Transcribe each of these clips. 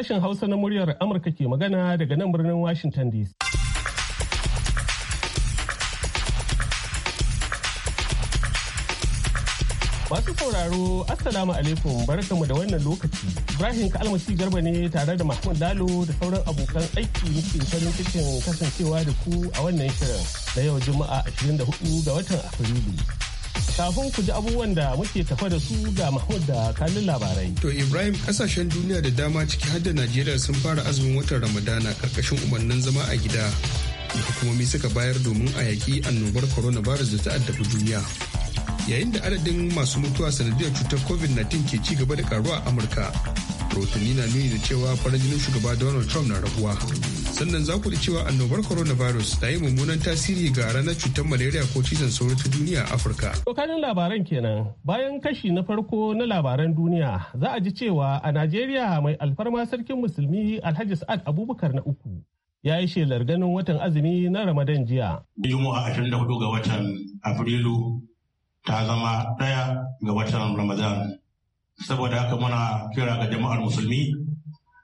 Sashen Hausa na muryar Amurka ke magana daga nan birnin Washington DC. Masu sauraro, Assalamu alaikum barkamu da wannan lokaci. Ibrahim Kalmasi Garba ne tare da Mahmud Lalo da sauran abokan aiki muke farin cikin kasancewa da ku a wannan shirin na yau Juma'a 24 ga watan Afrilu. Kafin ku ji abubuwan da muke tafa da su ga Mahmud da kanun labarai. To Ibrahim kasashen duniya da dama ciki har da Najeriya sun fara azumin watan Ramadana karkashin umarnin zama a gida. Da hukumomi suka bayar domin a yaƙi annobar coronavirus da ta addabi duniya. Yayin da adadin masu mutuwa sanadiyar cutar COVID-19 ke ci gaba da karuwa a Amurka. Rahotanni na nuni da cewa farin jinin shugaba Donald Trump na rabuwa sannan za ku da cewa annobar coronavirus ta yi mummunan tasiri ga ranar cutar malaria ko cizon sauro ta duniya a afirka tokanin labaran kenan bayan kashi na farko na labaran duniya za a ji cewa a najeriya mai alfarma sarkin musulmi alhaji sa'ad abubakar na uku ya yi shelar ganin watan azumi na ramadan jiya juma'a 24 ga watan afrilu ta zama ɗaya ga watan ramadan saboda haka muna kira ga jama'ar musulmi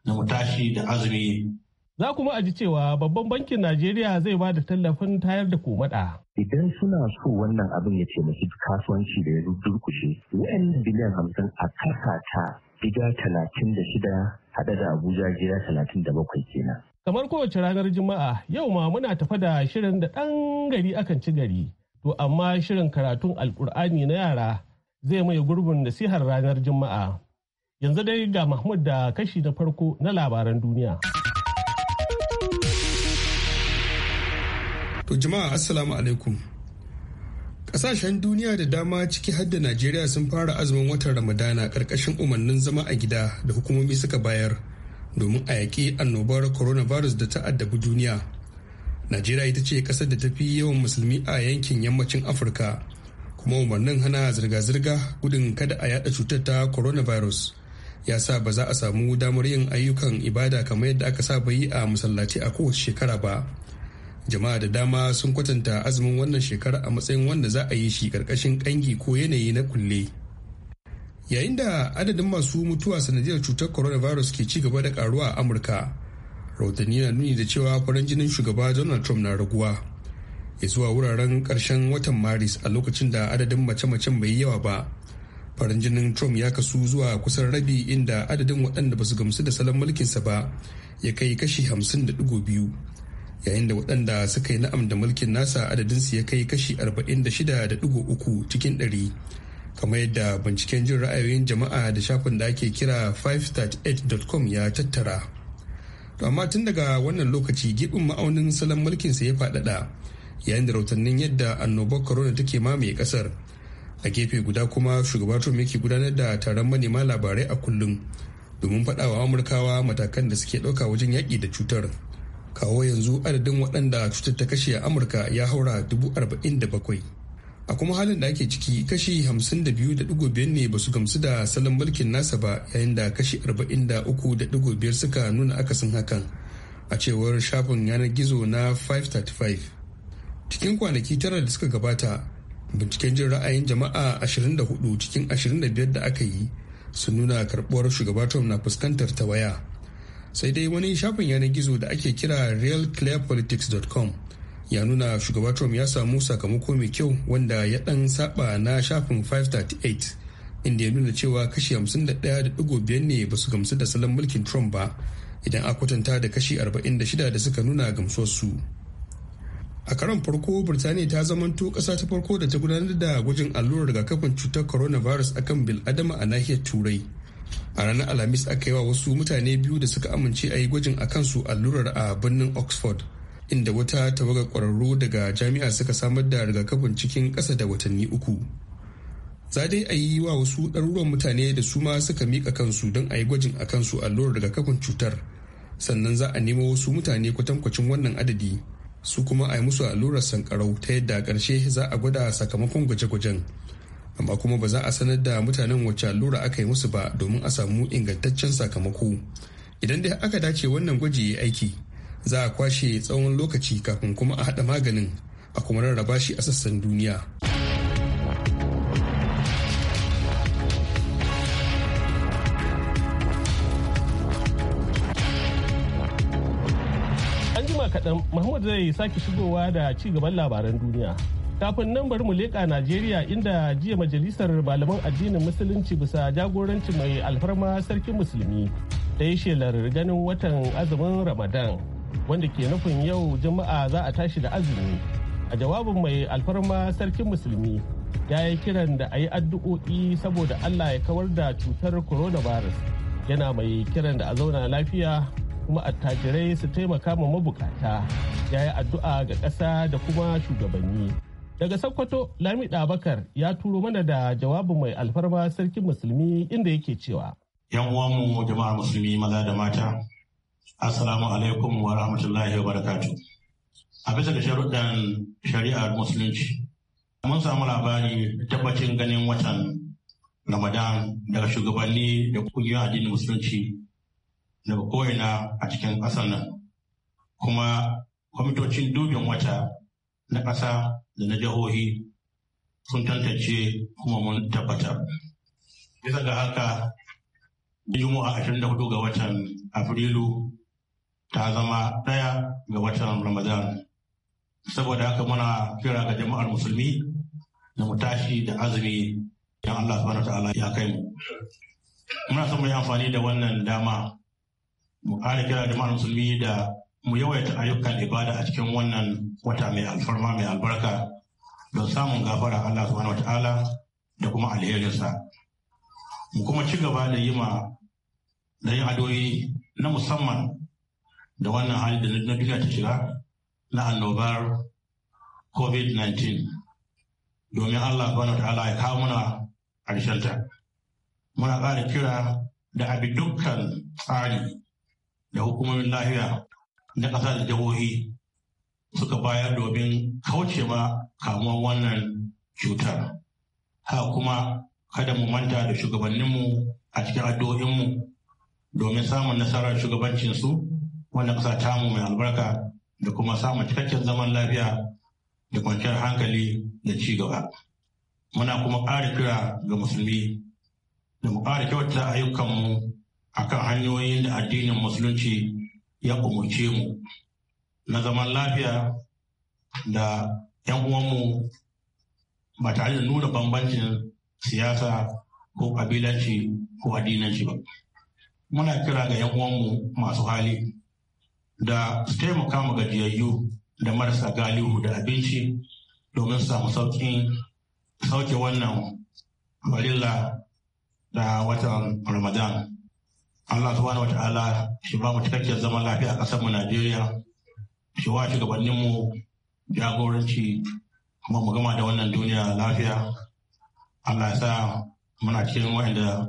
da mu tashi da azumi Za kuma aji cewa babban bankin Najeriya zai ba da tallafin tayar da komada. Idan suna so wannan abin ya ce masu kasuwanci da ya durkushe, wa'annan biliyan hamsin a kasa ta gida talatin da shida hada da Abuja gida talatin da bakwai kenan. Kamar kowace ranar Juma'a yau ma muna tafa da shirin da ɗan gari akan ci gari. To amma shirin karatun Alƙur'ani na yara zai mai gurbin nasihar ranar Juma'a. Yanzu dai ga Mahmud da kashi na farko na labaran duniya. To jama'a assalamu alaikum. Kasashen duniya da dama ciki har da Najeriya sun fara azumin watan Ramadana ƙarƙashin umarnin zama a gida da hukumomi suka bayar domin a yaƙi annobar coronavirus da ta addabi duniya. Najeriya ita ce ƙasar da ta fi yawan musulmi a yankin yammacin Afirka kuma umarnin hana zirga-zirga gudun kada a yada cutar ta coronavirus ya sa ba za a samu damar yin ayyukan ibada kamar yadda aka saba yi a masallaci a kowace shekara ba. jama'a da dama sun kwatanta azumin wannan shekara a matsayin wanda za a yi shi karkashin kangi ko yanayi na kulle yayin da adadin masu mutuwa sanadiyar cutar coronavirus ke ci gaba da karuwa a amurka rahotanni na nuni da cewa farin jinin shugaba donald trump na raguwa ya zuwa wuraren karshen watan maris a lokacin da adadin mace-macen bai yawa ba farin jinin trump ya kasu zuwa kusan rabi inda adadin waɗanda ba su gamsu da salon mulkinsa ba ya kai kashi 50.2 yayin da waɗanda suka yi na'am da mulkin nasa adadinsu ya kai kashi 46.3 cikin 100 kamar yadda binciken jin ra'ayoyin jama'a da shafin da ake kira 538.com ya tattara amma tun daga wannan lokaci gibin ma'aunin salon mulkinsa ya faɗaɗa yayin da rautannin yadda annobar corona take mamaye ƙasar a gefe guda kuma shugaba trump yake gudanar da taron manema labarai a kullum domin faɗawa amurkawa matakan da suke ɗauka wajen yaƙi da cutar kawo yanzu adadin waɗanda cutar ta kashe a amurka ya haura dubu arba'in da bakwai a kuma halin da ake ciki kashi hamsin da biyu ne ba su gamsu da salon mulkin nasa ba yayin da kashi arba'in da uku da suka nuna akasin hakan a cewar shafin yanar gizo na 535 cikin kwanaki tara da suka gabata binciken jin ra'ayin jama'a 24 cikin 25 da aka yi sun nuna karbuwar shugaba na fuskantar ta waya sai dai wani shafin yanar gizo da ake kira realclearpolitics.com ya nuna shugaba trump ya samu sakamako mai kyau wanda ya dan saba na shafin 538 inda ya nuna cewa kashi 51.5 ne ba su gamsu da salon mulkin trump ba idan a kwatanta da kashi 46 da suka nuna gamsuwarsu a karon farko birtaniya ta zamanto kasa ta farko da ta gudanar da gwajin allurar rigakafin cutar coronavirus akan bil'adama a nahiyar turai a ranar alhamis aka yi wa wasu mutane biyu da suka amince a yi gwajin a kansu allurar a birnin oxford inda wata tawaga kwararru daga jami'a suka samar da rigakafin cikin kasa da watanni uku za dai a yi wa wasu ɗaruruwan mutane da su ma suka miƙa kansu don a yi gwajin a kansu allurar rigakafin cutar sannan za a nemo wasu mutane kwatankwacin wannan adadi su kuma a yi musu allurar sankarau ta yadda a ƙarshe za a gwada sakamakon gwaje-gwajen amma kuma ba za a sanar da mutanen wacce allura aka yi musu ba domin a samu ingantaccen sakamako idan dai aka dace wannan gwaji ya aiki za a kwashe tsawon lokaci kafin kuma a haɗa maganin a kuma rarraba shi a sassan duniya an kaɗan mahmud zai sake shigowa da ci gaban labaran duniya kafin nan bari mu leƙa najeriya inda jiya majalisar malaman addinin musulunci bisa jagoranci mai alfarma sarkin musulmi ta yi shelar ganin watan azumin ramadan wanda ke nufin yau juma'a za a tashi da azumi a jawabin mai alfarma sarkin musulmi ya yi kiran da a yi addu'o'i saboda allah ya kawar da cutar coronavirus yana mai kiran da a zauna lafiya kuma attajirai su taimaka ma mabukata ya yi addu'a ga ƙasa da kuma shugabanni Daga Sokoto, Lami Abakar ya turo mana da jawabin mai alfarma sarkin musulmi inda yake cewa. Yan uwanmu jama'ar musulmi maza da mata, Assalamu alaikum wa rahmatullahi wa barakatu. A bisa ga sharuɗan shari'ar musulunci, mun samu labari tabbacin ganin watan Ramadan daga shugabanni da kungiyoyin addinin musulunci daga ko'ina a cikin ƙasar nan. Kuma kwamitocin dubin wata na ƙasa da na jihohi sun tantance kuma mun tabbata. Bisa ga haka, Juma'a 24 ga watan Afrilu ta zama ɗaya ga watan Ramadan. Saboda haka muna kira ga jama'ar musulmi da mu tashi da azumi don Allah subhanahu ta'ala ya kai mu. Muna son mu yi amfani da wannan dama mu ƙara kira jama'ar musulmi da mu yawaita ayyukan ibada a cikin wannan wata mai alfarma mai albarka don samun gafara Allah subhanahu wata'ala da kuma alherinsa. Mu kuma ci gaba da yi ma da yin adoyi na musamman da wannan hali da na duniya ta shiga na annobar COVID-19 domin Allah subhanahu wata'ala ya kawo muna ta. Muna ƙara kira da abi dukkan tsari da hukumomin lahiya na ƙasa da jihohi suka bayar domin kauce kaucewa kamuwar wannan cutar. Ha kuma kada mu manta da shugabanninmu a cikin addu'o'inmu domin samun nasarar shugabancinsu wanda ƙasa tamu mai albarka da kuma samun cikakken zaman lafiya da kwanciyar hankali da ci gaba. Muna kuma ƙara kira ga musulmi da mu ƙara kyauta ayyukanmu akan hanyoyin da addinin musulunci ya umarce mu na zaman lafiya da 'yan uwanmu ba tare da nuna bambancin siyasa ko kabilanci ko addinanci ba. Muna kira ga 'yan uwanmu masu hali da su taimaka mu gajiyayyu da marasa galihu da abinci domin su samu sauƙin sauke wannan barilla da watan Ramadan. Allah subhanahu wa ta'ala shi ba mu cikakkiyar zaman lafiya a ƙasar mu Najeriya shi wa gabanin mu jagoranci kuma mu gama da wannan duniya lafiya Allah ya sa muna cikin wanda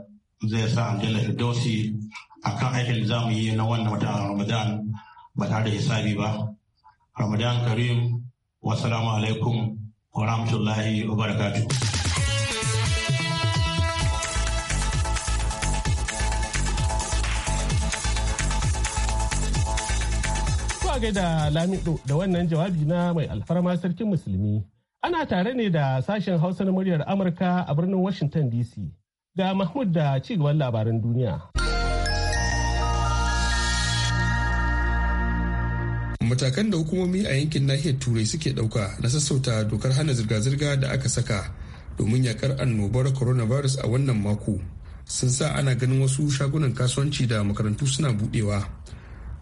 zai sa aljanna firdausi akan aikin da za mu yi na wannan wata Ramadan ba tare da hisabi ba Ramadan Karim wassalamu alaikum wa rahmatullahi wa barakatuh a gaida Lamido da wannan jawabi na mai alfarma sarkin musulmi. Ana tare ne da sashen Hausa na muryar Amurka a birnin Washington DC. Ga Mahmud da cigaban labaran duniya. Matakan da hukumomi a yankin nahiyar Turai suke ɗauka na sassauta dokar hana zirga-zirga da aka saka domin yakar annobar coronavirus a wannan mako sun sa ana ganin wasu shagunan kasuwanci da makarantu suna budewa.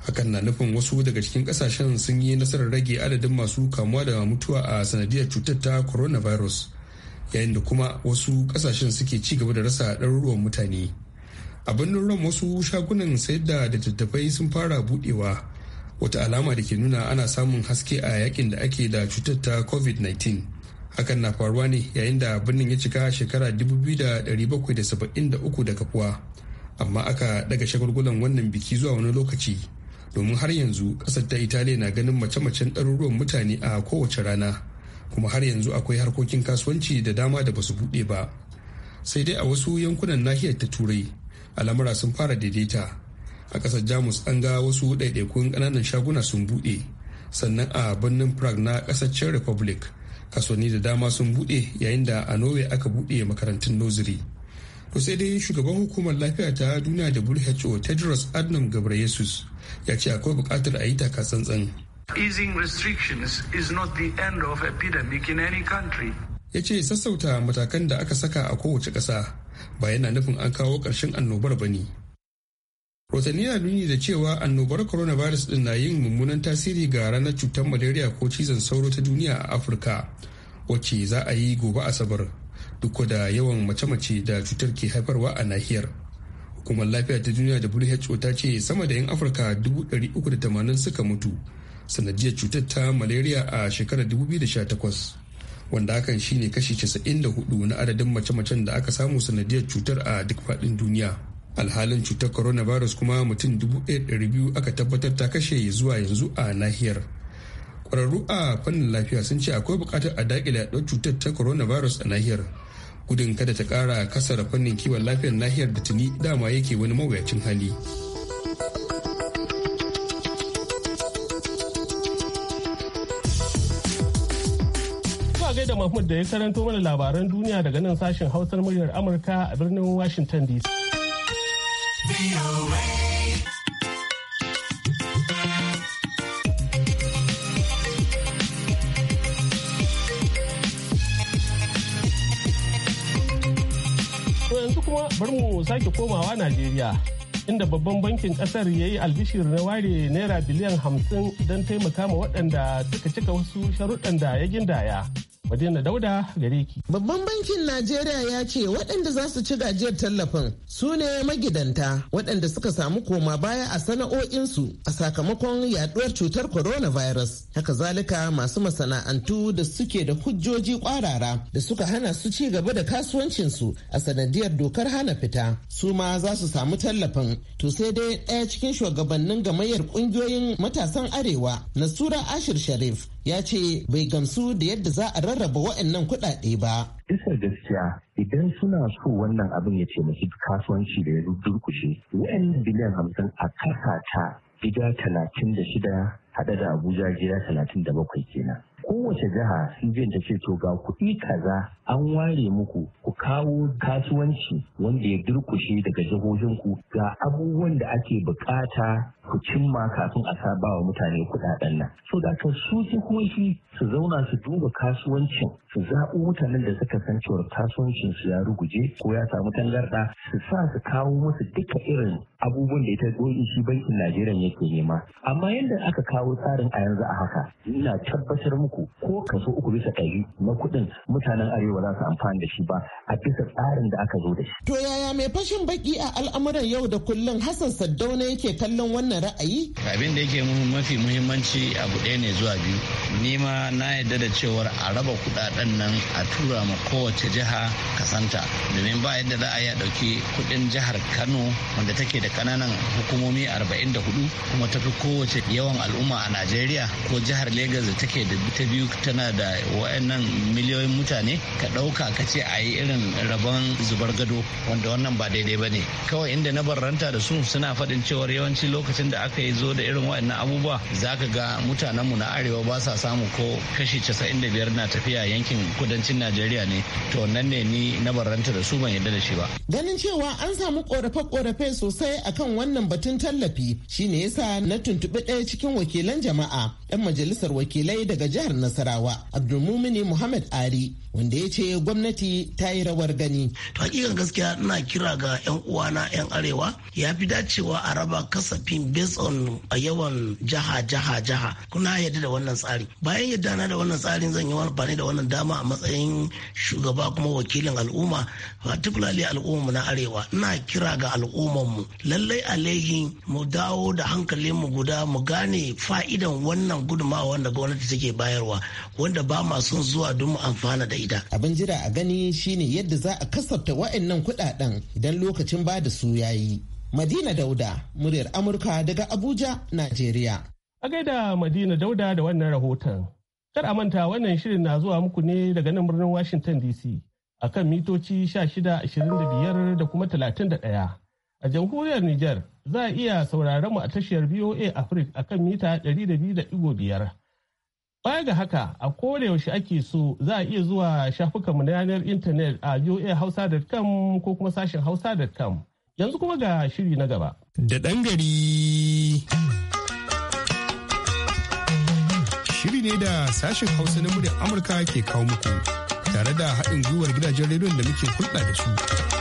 hakan na nufin wasu daga cikin kasashen sun yi nasarar rage adadin masu kamuwa da mutuwa a sanadiyar cutar ta coronavirus yayin da kuma wasu kasashen suke ci gaba da rasa ɗaruruwan mutane a birnin ran wasu shagunan sayar da littattafai sun fara budewa wata alama da ke nuna ana samun haske a yakin da ake da cutar ta covid-19 hakan na faruwa ne yayin da birnin ya cika shekara 2773 da kafuwa amma aka daga shagulgulan wannan biki zuwa wani lokaci domin har yanzu kasar ta italiya na ganin mace-macen ɗaruruwan mutane a kowace rana kuma har yanzu akwai harkokin kasuwanci da dama da basu buɗe ba sai dai a wasu yankunan nahiyar ta turai al'amura sun fara daidaita a kasar jamus an ga wasu ɗaiɗaikun ƙananan shaguna sun buɗe sannan a birnin prague na ƙasar republic kasuwanni da dama sun buɗe yayin da a norway aka buɗe makarantun noziri to sai dai shugaban hukumar lafiya ta duniya who tedros adnam gabriel ya ce akwai bukatar a yi taka tsantsan. Easing restrictions is not the end of epidemic in any country. Ya ce sassauta matakan da aka saka a kowace ƙasa ba yana nufin an kawo ƙarshen annobar ba ne. Rotanni yana nuni da cewa annobar coronavirus din na yin mummunan tasiri ga ranar cutar malaria ko cizon sauro ta duniya a Afirka, wacce za a yi gobe Asabar, duk da yawan mace-mace da cutar ke haifarwa a nahiyar. hukumar lafiya ta duniya who ta ce sama da 'yan afirka 380 suka mutu sanadiyar cutar ta malaria a shekarar 2018 wanda hakan shine kashi 94 na adadin mace-macen da aka samu sanadiyar cutar a duk faɗin duniya alhalin cutar coronavirus kuma mutum 1,200 aka tabbatar ta kashe zuwa yanzu a nahiyar kwararru a fannin lafiya sun ce akwai bukatar a daƙile yaɗuwar cutar ta coronavirus a nahiyar gudun kada ta ƙara kasara fannin kiwon lafiyar nahiyar da tuni dama yake wani mawuyacin hali. da Mahmud da ya karanto mana labaran duniya daga nan sashen hausar muryar Amurka a birnin Washington DC. bar mu sake komawa Najeriya. inda babban bankin kasar ya yi albishir na ware naira biliyan hamsin don taimaka ma waɗanda suka cika wasu sharuɗan da ya gindaya Madina Dauda gare ki. Babban bankin Najeriya ya ce waɗanda za su ci gajiyar tallafin su ne magidanta waɗanda suka samu koma baya a sana'o'insu a sakamakon yaduwar cutar coronavirus. Haka zalika masu masana'antu da suke da hujjoji kwarara da suka hana su ci gaba da kasuwancinsu a sanadiyar dokar hana fita su ma za su samu tallafin. To sai dai ɗaya cikin shugabannin gamayyar ƙungiyoyin matasan Arewa na sura Ashir Sharif ya ce bai gamsu da yadda za a rarraba wa'annan kuɗaɗe ba. Bisa gaskiya idan suna so wannan abin ya ce masu kasuwanci da ya durkushe wa'annan biliyan hamsin a kasa ta gida talatin da shida haɗe da Abuja gida talatin da bakwai kenan. Kowace jiha sun je ta ce to ga kuɗi kaza an ware muku ku kawo kasuwanci wanda ya durkushe daga jihohinku ga abubuwan da ake bukata ku cimma kafin a saba wa mutane kudaden nan so da ka su su zauna su duba kasuwancin su zaɓo mutanen da suka san cewar kasuwancin su ya ruguje ko ya samu tangarɗa su sa su kawo musu duka irin abubuwan da ita goyi shi bankin Najeriya yake nema amma yadda aka kawo tsarin a yanzu a haka ina tabbatar muku ko kaso uku bisa ɗari na kuɗin mutanen arewa za su amfani da shi ba a bisa tsarin da aka zo da shi. To yaya mai fashin baƙi a al'amuran yau da kullum Hassan Saddauna yake kallon wannan nuna ra'ayi? Abin da yake mafi muhimmanci abu ɗaya ne zuwa biyu. Ni ma na yadda da cewar a raba kuɗaɗen nan a tura ma kowace jiha kasanta. Domin ba yadda za a yi a ɗauki kuɗin jihar Kano wanda take da ƙananan hukumomi arba'in da hudu kuma tafi kowace yawan al'umma a Najeriya ko jihar Legas da take da ta biyu tana da wa'annan miliyoyin mutane ka ɗauka ka ce a yi irin rabon zubar gado wanda wannan ba daidai ba ne. Kawai inda na barranta da su suna faɗin cewar yawanci lokacin lokacin da aka yi zo da irin waɗannan abubuwa za ka ga mutanenmu na arewa ba sa samu ko kashi 95 na tafiya yankin kudancin najeriya ne to wannan ne ni na barranta da su ban yadda da shi ba ganin cewa an samu korafe-korafe sosai akan wannan batun tallafi shine yasa na tuntuɓi ɗaya cikin wakilan jama'a 'yan majalisar wakilai daga jihar nasarawa abdulmumini muhammad ari wanda ya ce gwamnati ta yi rawar gani. To hakikan gaskiya ina kira ga 'yan uwana 'yan arewa ya fi dacewa a raba kasafin based on a yawan jaha jaha jaha kuna yadda da wannan tsari. Bayan yadda na da wannan tsarin zan yi amfani da wannan dama a matsayin shugaba kuma wakilin al'umma particularly al'umma na arewa ina kira ga al'umman mu lallai alaihi mu dawo da hankalin mu guda mu gane fa'idan wannan gudumawa wanda gwamnati take bayarwa wanda ba ma son zuwa don mu amfana da Abin jira a gani shine yadda za a kasafta wa'annan kuɗaɗen idan lokacin ba da su yi. Madina Dauda, muryar Amurka daga Abuja, Najeriya. A gaida Madina Dauda da wannan rahoton. Kar a manta wannan shirin na zuwa muku ne daga nan birnin Washington DC a kan mitoci 1625 da kuma 31. A jamhuriyar Nijar za a iya sauraron mu a tashiyar BOA Africa a kan mita 200.5. Baya ga haka a yaushe ake so za a iya zuwa shafukanmu na yanar intanet a voahausa.com ko kuma sashen hausa.com. Yanzu kuma ga shiri na gaba. Da ɗan gari. Shiri ne da sashen hausa na muryar Amurka ke kawo muku tare da haɗin gwiwar gidajen rediyon da muke hulɗa da su.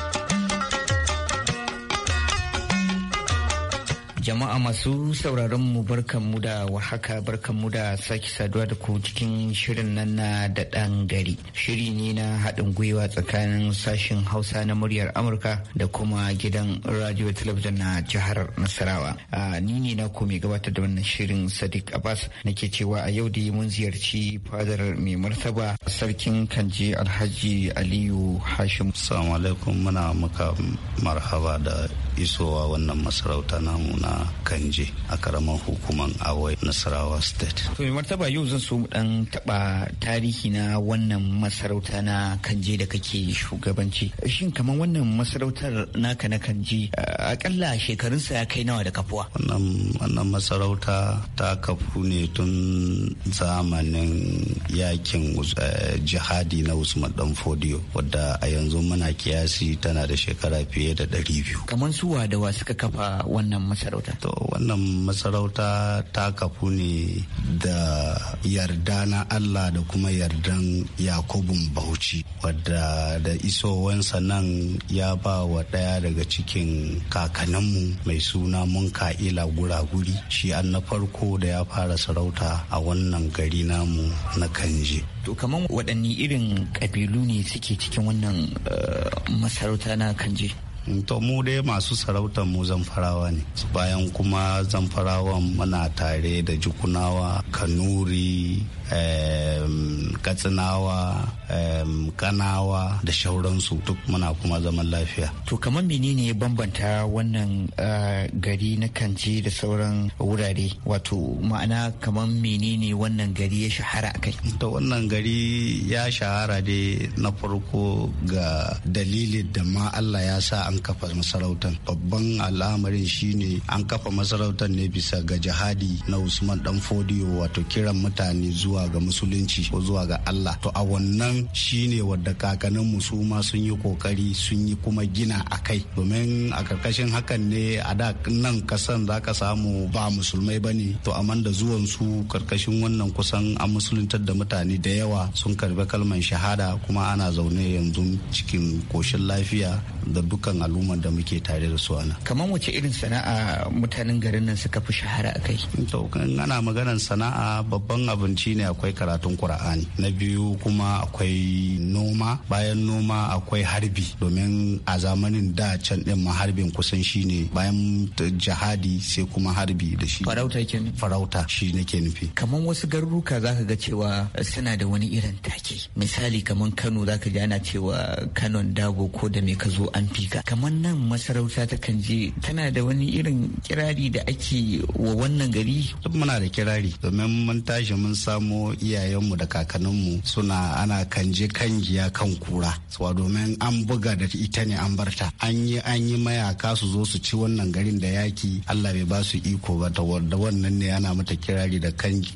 Jama'a masu sauraron mu mu da warhaka mu da sake saduwa da ku cikin shirin nan na da ɗan gari. Shiri ne na haɗin gwiwa tsakanin sashen Hausa na muryar Amurka da kuma gidan radio talabijin na jihar Nasarawa. Ni ne na mai gabatar da wannan shirin Sadiq Abbas nake cewa a yau dai mun ziyarci fadar mai martaba sarkin Kanje Alhaji Aliyu Hashim. Assalamu alaikum muna maka marhaba da isowa wannan masarauta namu na kanje a karamar hukumar awai nasarawa state to martaba yau zan so mu dan taba tarihi na wannan masarauta na kanje da kake shugabanci shin kamar wannan masarautar naka na kanje akalla sa ya kai nawa da kafuwa wannan masarauta ta kafu ne tun zamanin yakin eh, jihadi na usman dan fodio wadda a yanzu muna kiyasi tana da shekara fiye da 200 kamar suwa da wa suka kafa wannan masarauta to wannan masarauta ta kafu ne da yarda na allah da kuma yardan yakubun bauchi wadda da isowansa nan ya ba wa ɗaya daga cikin kakanninmu mai suna mun munka'ila guraguri shi an na farko da ya fara sarauta a wannan gari namu na kanje to kamar waɗanne irin ƙabilu ne suke cikin wannan eh, masarauta na kanje to mu dai masu sarautar mu zamfarawa ne bayan kuma zamfarawa muna tare da jukunawa kanuri katsinawa kanawa da shauransu duk muna kuma zaman lafiya to kamar menene ya bambanta wannan eh, gari na kanji da sauran wurare wato ma'ana kamar menene wannan gari ya shahara a kai to wannan gari ya shahara dai na farko ga dalilin da ma allah ya sa an kafa masarautar babban al'amarin shine an kafa masarautar ne bisa ga jihadi na usman dan fodiyo wato kiran mutane zuwa ga musulunci ko zuwa ga allah to a wannan shine wadda kakannin su ma sun yi kokari sun yi kuma gina a kai domin a karkashin hakan ne a da nan kasan za ka samu ba musulmai ba ne to amma da zuwan su karkashin wannan kusan an musuluntar da mutane da yawa sun karbi kalman shahada kuma ana zaune yanzu cikin koshin lafiya da dukkan al'ummar da muke tare da su ana kamar wace irin sana'a mutanen garin nan suka fi shahara a kai to ana maganar sana'a babban abinci ne akwai karatun kur'ani na biyu kuma akwai noma bayan noma akwai harbi domin a zamanin da can din ma harbin kusan shine bayan jihadi sai kuma harbi da shi farauta nufi. farauta shi nake nufi kamar wasu garuruka zaka ga cewa suna da wani irin take misali kamar Kano zaka ji ana cewa kanon dago ko da me ka zo an fika kamar nan masarauta ta kanje tana da wani irin kirari da ake wa wannan gari muna da kirari domin mun tashi mun samo iyayenmu da kakanninmu suna ana kanje kan giya kan kura suwa domin an buga da ita ne an barta an yi an yi mayaka su zo su ci wannan garin da yaki Allah bai ba su iko ba ta wanda wannan ne ana mata kirari da kanje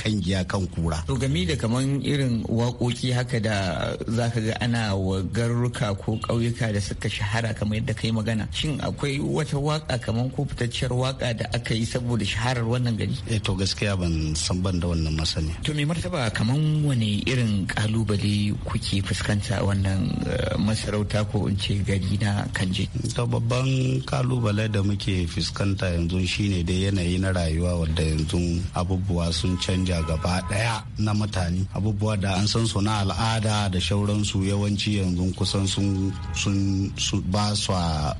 kan giya kan kura to game da kaman irin waƙoƙi haka da zaka ga ana wa garuruka ko ƙauyuka da suka shahara kamar yadda ka yi magana shin akwai wata waka kamar ko fitacciyar waka da aka yi saboda shaharar wannan gari eh to gaskiya ban san ban da wannan masani to me martaba kamar wani irin kalubale kuke fuskanta wannan eh, masarauta ko in ce gari na kanje to babban kalubale da muke fuskanta yanzu shine dai yanayi na rayuwa wadda yanzu abubuwa sun canja gaba daya na mutane abubuwa da an san su na al'ada da shauransu yawanci yanzu kusan sun ba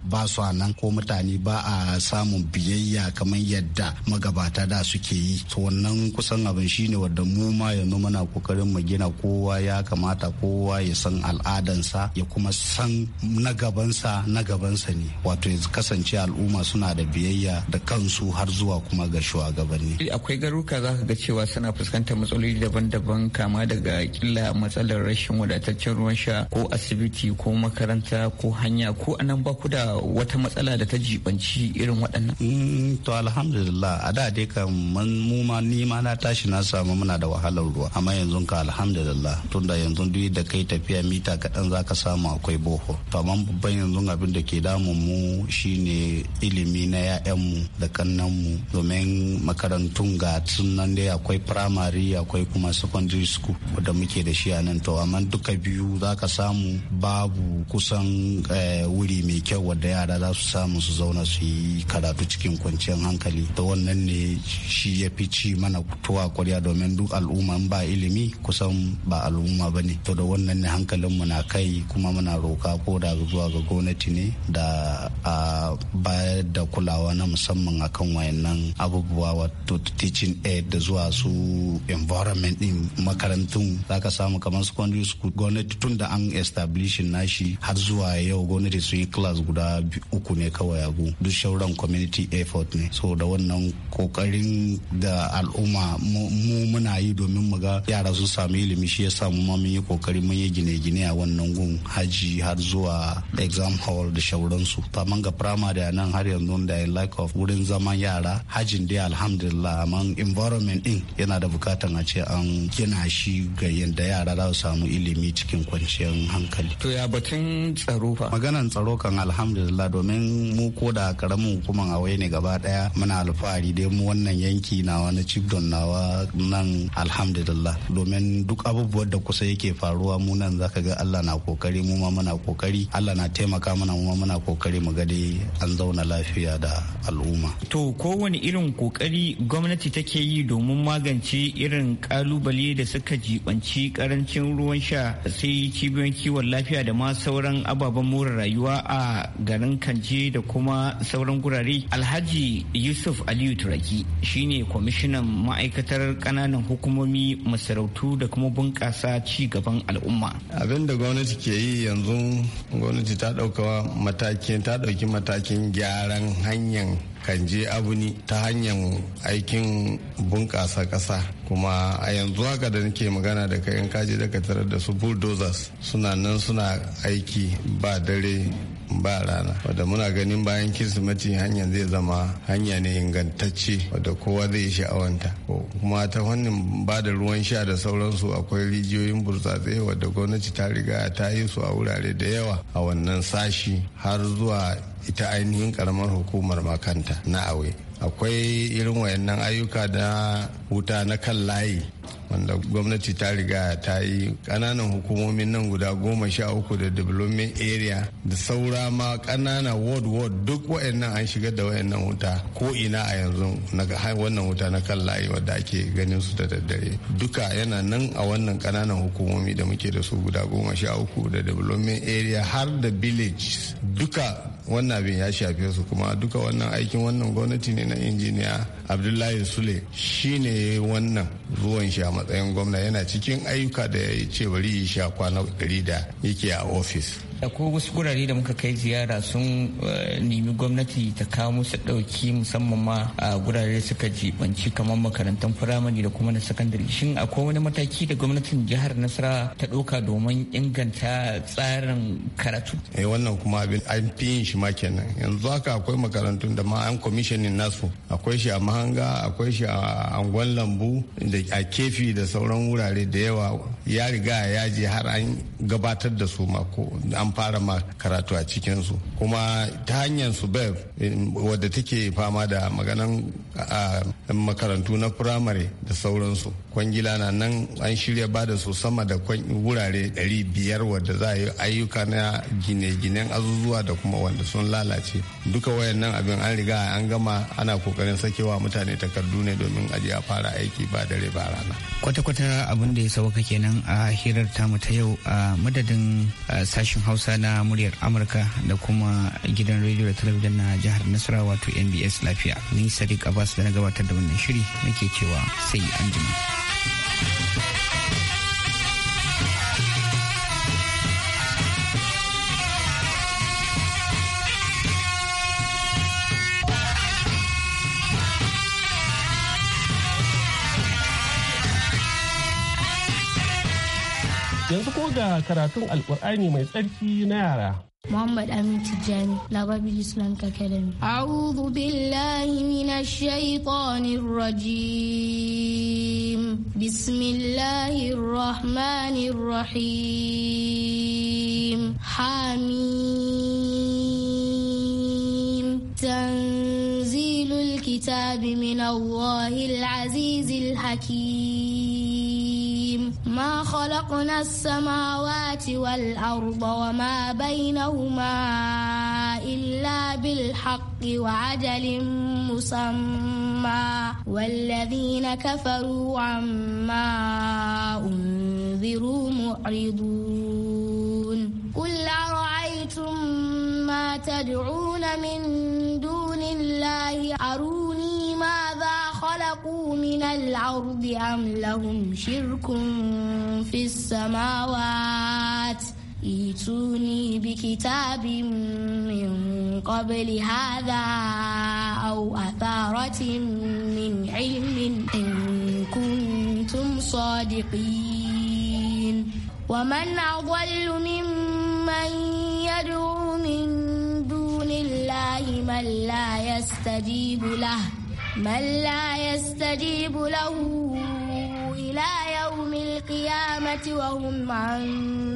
ba su a nan ko mutane ba a samun biyayya kamar yadda magabata da suke yi to wannan kusan abin shine wadda mu ma yanzu muna kokarin mu gina kowa ya kamata kowa ya san al'adansa ya kuma san na gabansa na gabansa ne wato ya kasance al'umma suna da biyayya da kansu har zuwa kuma ga shugabanni akwai garuka za ka ga cewa suna fuskantar matsaloli daban-daban kama daga kila matsalar rashin wadataccen ruwan sha ko asibiti ko makaranta ko hanya ko nan ba ku da wata matsala da ta jibanci irin waɗannan? Eh, to alhamdulillah a da dai kan mu ma ni na tashi na samu muna da wahalar ruwa amma yanzu ka alhamdulillah tunda yanzu duk da kai tafiya mita kaɗan za ka samu akwai boho to amma babban yanzu abin da ke damun mu shine ilimi na mu da mu domin makarantun ga nan dai akwai primary akwai kuma secondary school da muke da shi a nan to amma duka biyu za ka samu babu kusan eh, wuri mai kyau wadda yara za su samu su zauna su yi karatu cikin kwanciyar hankali da wannan ne shi ya fi ci mana tuwa kwarya domin duk al'umma ba ilimi kusan ba al'umma ba ne to da wannan ne hankalinmu na kai kuma muna roka ko da zuwa ga gwamnati ne da a bayar da kulawa na musamman akan wayannan abubuwa wato teaching aid da zuwa su environment din makarantun zaka samu kamar secondary school gwamnati tun da an establishin nashi har zuwa yau gwamnati su yi class guda uku ne kawai abu duk shauran community effort ne so da wannan kokarin da al'umma mu muna yi domin mu ga yara sun samu ilimi shi yasa mu ma mun yi kokari mun yi gine-gine a wannan gun haji har zuwa exam hall da shauransu ta manga primary a nan har yanzu da like of wurin zaman yara hajin dai alhamdulillah amma environment din yana da bukatan a ce an gina shi ga yadda yara za su samu ilimi cikin kwanciyar hankali to ya batun tsaro fa maganan tsaro kan alhamdulillah domin mu ko da karamin hukuman awai ne gaba daya muna alfahari dai dai mu wannan yanki nawa na cibdon nawa nan alhamdulillah domin duk abubuwan da kusa yake faruwa mu nan zaka ga Allah na kokari mu ma muna kokari Allah na taimaka mana mu ma muna kokari mu ga dai an zauna lafiya da al'umma to kowane irin kokari gwamnati take yi domin magance irin kalubale da suka jibanci karancin ruwan sha sai cibiyoyin kiwon lafiya da ma sauran ababen more rayuwa a garin kanje da kuma sauran gurare alhaji yusuf aliyu Raki shine kwamishinan ma'aikatar kananan hukumomi masarautu da kuma bunƙasa ci gaban al'umma. Abin da gwamnati ke yi yanzu gwamnati ta ɗauka matakin ta ɗauki matakin gyaran hanyar kanje abuni ta hanyar aikin bunƙasa ƙasa kuma a yanzu haka da nake magana da kayan kaji da tarar da su bulldozers suna nan suna aiki ba dare ba rana wadda muna ganin bayan kirsimati hanyar zai zama hanya ne ingantacce wadda kowa zai sha'awanta kuma ta fannin ba da ruwan sha da sauransu akwai rijiyoyin burtsatse wadda gwamnati ta riga ta yi su a wurare da yawa a wannan sashi har zuwa ita ainihin karamar hukumar makanta na awe akwai irin wayannan ayyuka da wuta na kan layi wanda gwamnati ta riga ta yi ƙananan hukumomin nan guda goma sha uku da development area da saura ma ƙanana ward ward duk wa'annan an shiga da wa'annan wuta ko ina a yanzu na wannan wuta na kan layi wadda ake ganin su da daddare duka yana nan a wannan kananan hukumomi da muke da su guda goma sha uku da development area har da village duka wannan abin ya shafe su kuma duka wannan aikin wannan gwamnati ne na injiniya abdullahi sule shi ne wannan zuwan shi a matsayin gwamna yana cikin ayyuka da ya ce bari yi sha kwana 100 da yake a ofis ko wasu gurare da muka kai ziyara sun eh, nemi gwamnati ta kawo musu ɗauki musamman ma a gurare suka jibanci kamar makarantun firamare da kuma na sakandare shin akwai wani mataki da gwamnatin jihar nasara ta ɗauka domin inganta tsarin karatu eh wannan kuma abin an fi yin shi ma kenan yanzu haka akwai makarantun da ma an kwamishining nasu akwai shi a mahanga akwai shi a angon lambu da a kefi da sauran wurare da yawa ya riga ya je har an gabatar da su ma ko an fara ma karatu a cikinsu kuma ta hanyar su bev eh, wadda take fama da maganan makarantu na firamare da sauransu kwangila na nan an shirya ba da su sama da wurare 500 wadda za a yi ayyuka na gine-ginen azuzuwa da kuma wanda sun lalace duka wayannan abin an riga an gama ana kokarin sakewa mutane takardu ne domin aje a fara aiki ba dare ba rana kwata-kwata abin da ya sauka kenan a hirar tamu ta yau a madadin sashen hausa hausa na muryar amurka da kuma gidan rediyo da talabijin na jihar nasara wato nbs lafiya ni sadiq abbas da na gabatar da wannan shiri nake cewa sai an jima. Yanzu ko ga karatun Alƙur'ani mai tsarki na yara. محمد أمين تجاني لابد الإسلامك أكاديمي أعوذ بالله من الشيطان الرجيم بسم الله الرحمن الرحيم حميم تنزيل الكتاب من الله العزيز الحكيم ما خلقنا السماوات والأرض وما بينهما إلا بالحق وعجل مسمى والذين كفروا عما أنذروا معرضون قل أرأيتم ما تدعون من دون الله أروني خلقوا من الأرض أم لهم شرك في السماوات ائتوني بكتاب من قبل هذا أو أثارة من علم إن كنتم صادقين ومن أضل ممن يدعو من دون الله من لا يستجيب له من لا يستجيب له إلى يوم القيامة وهم عن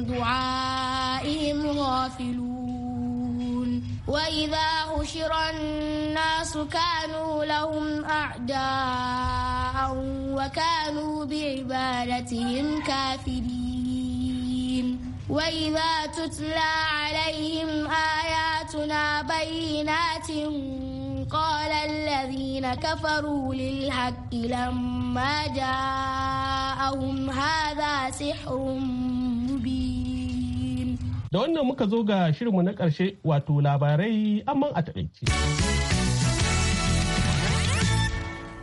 دعائهم غافلون وإذا حشر الناس كانوا لهم أعداء وكانوا بعبادتهم كافرين وإذا تتلى عليهم آياتنا بينات قال الذين كفروا للحق لما جاءهم هذا سحر مبين da wannan muka zo ga shirinmu na ƙarshe wato labarai amma a taƙaice.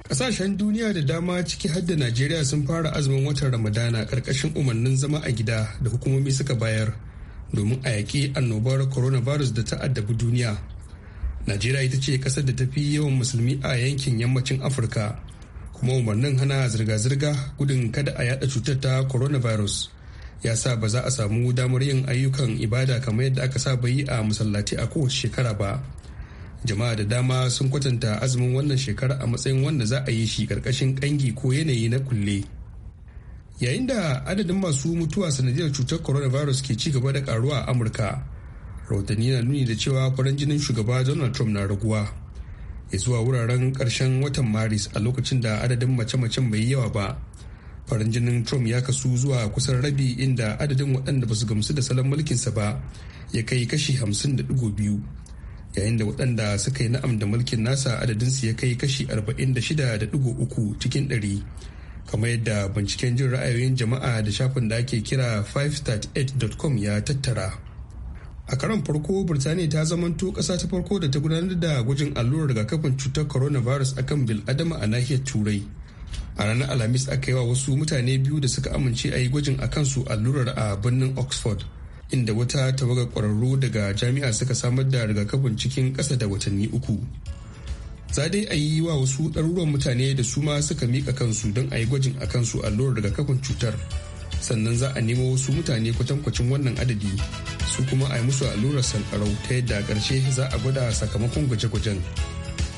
Ƙasashen duniya da dama ciki har da Najeriya sun fara azumin watan Ramadana ƙarƙashin umarnin zama a gida da hukumomi suka bayar domin a yaƙi annobar coronavirus da ta addabi duniya. najeriya ita ce kasar da ta fi yawan musulmi a yankin yammacin afirka kuma umarnin hana zirga-zirga gudun kada a yada cutar ta coronavirus ya sa ba za a samu damar yin ayyukan ibada kamar yadda aka saba yi a masallaci a kowace shekara ba jama'a da dama sun kwatanta azumin wannan shekara a matsayin wanda za a yi shi karkashin kangi ko yanayi na kulle yayin da adadin masu mutuwa sanadiyar cutar coronavirus ke ci gaba da karuwa a amurka rahotanni na nuni da cewa farin jinin shugaba donald trump na raguwa ya zuwa wuraren karshen watan maris a lokacin da adadin mace-macen bai yawa ba farin jinin trump ya kasu zuwa kusan rabi inda adadin waɗanda ba su gamsu da salon mulkinsa ba ya kai kashi hamsin da biyu yayin da waɗanda suka yi na'am da mulkin nasa adadinsu ya kai kashi arba'in da shida da cikin ɗari kamar yadda binciken jin ra'ayoyin jama'a da shafin da ake kira 538.com ya tattara. a karon farko birtaniya ta zamanto ƙasa ta farko da ta gudanar da gwajin allurar rigakafin cutar coronavirus akan bil'adama a nahiyar turai a ranar alhamis aka yi wa wasu mutane biyu da suka amince a yi gwajin a kansu allurar a birnin oxford inda wata tawagar kwararru daga jami'a suka samar da rigakafin cikin ƙasa da watanni uku za dai a yi wa wasu ɗaruruwan mutane da su ma suka miƙa kansu don a yi gwajin a kansu allurar rigakafin cutar sannan za a nemo wasu mutane kwatankwacin wannan adadi su kuma a yi musu allurar sankarau ta yadda karshe za a gwada sakamakon gwaje-gwajen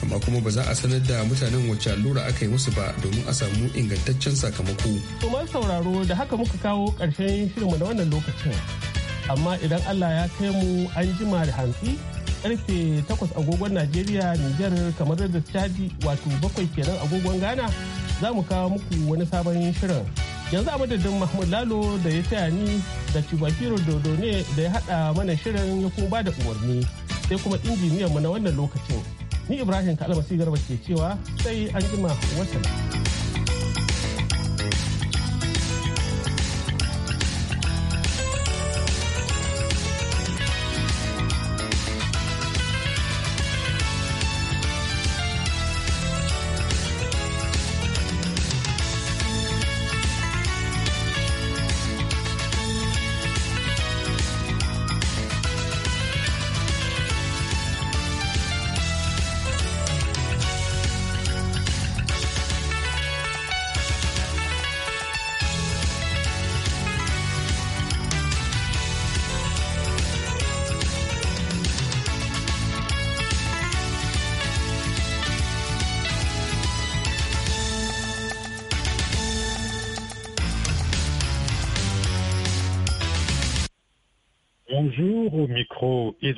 amma kuma ba za a sanar da mutanen wacce allura aka yi musu ba domin a samu ingantaccen sakamako. Kuma sauraro da haka muka kawo ƙarshen mu da wannan lokacin. Amma idan Allah ya kai mu an jima da hantsi karfe takwas agogon Najeriya niger kamar da Chadi wato bakwai kenan agogon Ghana za mu kawo muku wani sabon shirin. yanzu a madadin mahmud lalo da ya taya ni da tubakiro dodo ne da ya haɗa mana shirin ya kuma ba da umarni sai kuma injiniyan mu na wannan lokacin ni ibrahim kalmasi garba ke cewa sai an jima wasu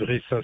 livrer ça,